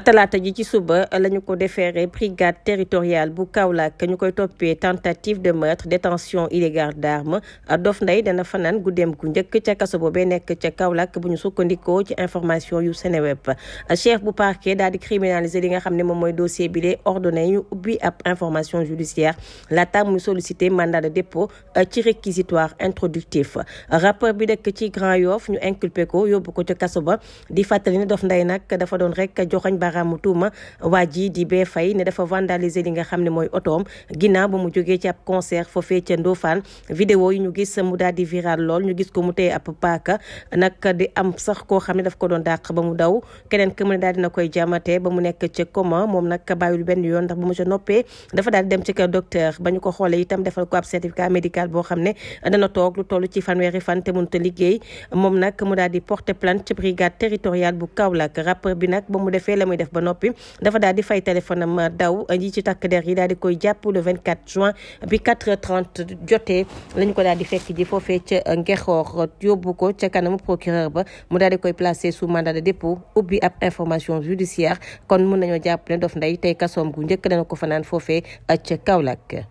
talaata ji ci suba la ñu ko déféré brigade territoriale bu Kaolack ñu koy toppee tentative de meurtre détention illégale d'armes Dof Ndeye dana fanaan guddeem gu njëkk ca kaso boobee nekk ca Kaolack bu ñu sukkandikoo ci information yu Seneweb chef bu parquet daal di criminaliser li nga xam ne moom mooy dossier bi de ordonné ñu ubbi ab information judiciaire laata muy sollicité mandat de dépôt euh, ci réquisitoire introductif rappeur bi dëkk ci Grand Yoff ñu inculpé ko yóbbu ko ca kaso ba di fàttali ne Dof Ndeye nag dafa doon rek joxoñ baaraamu tuuma waa ji di bee fay ne dafa vandaliser li nga xam ne mooy otoom ginnaaw ba mu jógee ci ab concert foofee ca Ndofane vidéo yi ñu gis mu daal di viral lool ñu gis ko mu téye ab paaka nag di am sax koo xam ne daf ko doon dàq ba mu ke mu ne daal dina koy jàmmatee ba mu nekk ca coma moom nag bàyyul benn yoon ndax bu noppee dafa daal di dem ci kër docteur ba ñu ko xoolee itam defal ko ab certificat médical boo xam ne dana toog lu toll ci fanweeri fan te mënut a liggéey moom nag mu daal di porter plainte ci brigade la muy def ba noppi dafa daal di fay téléphone am daw ñi ci takk der yi daal di koy jàpp le 24 juin bi 4h30 jotee lañ ko daal di fekk ji foofee ca Ngexoor yóbbu ko ca kanamu procureur ba mu daal di koy placé sous mandat de dépôt ubbi ab information judiciaire kon mën nañoo jàpp ne Dof Ndeye tey kasoom gu njëkk dana ko fanaan foofee ca Kaolack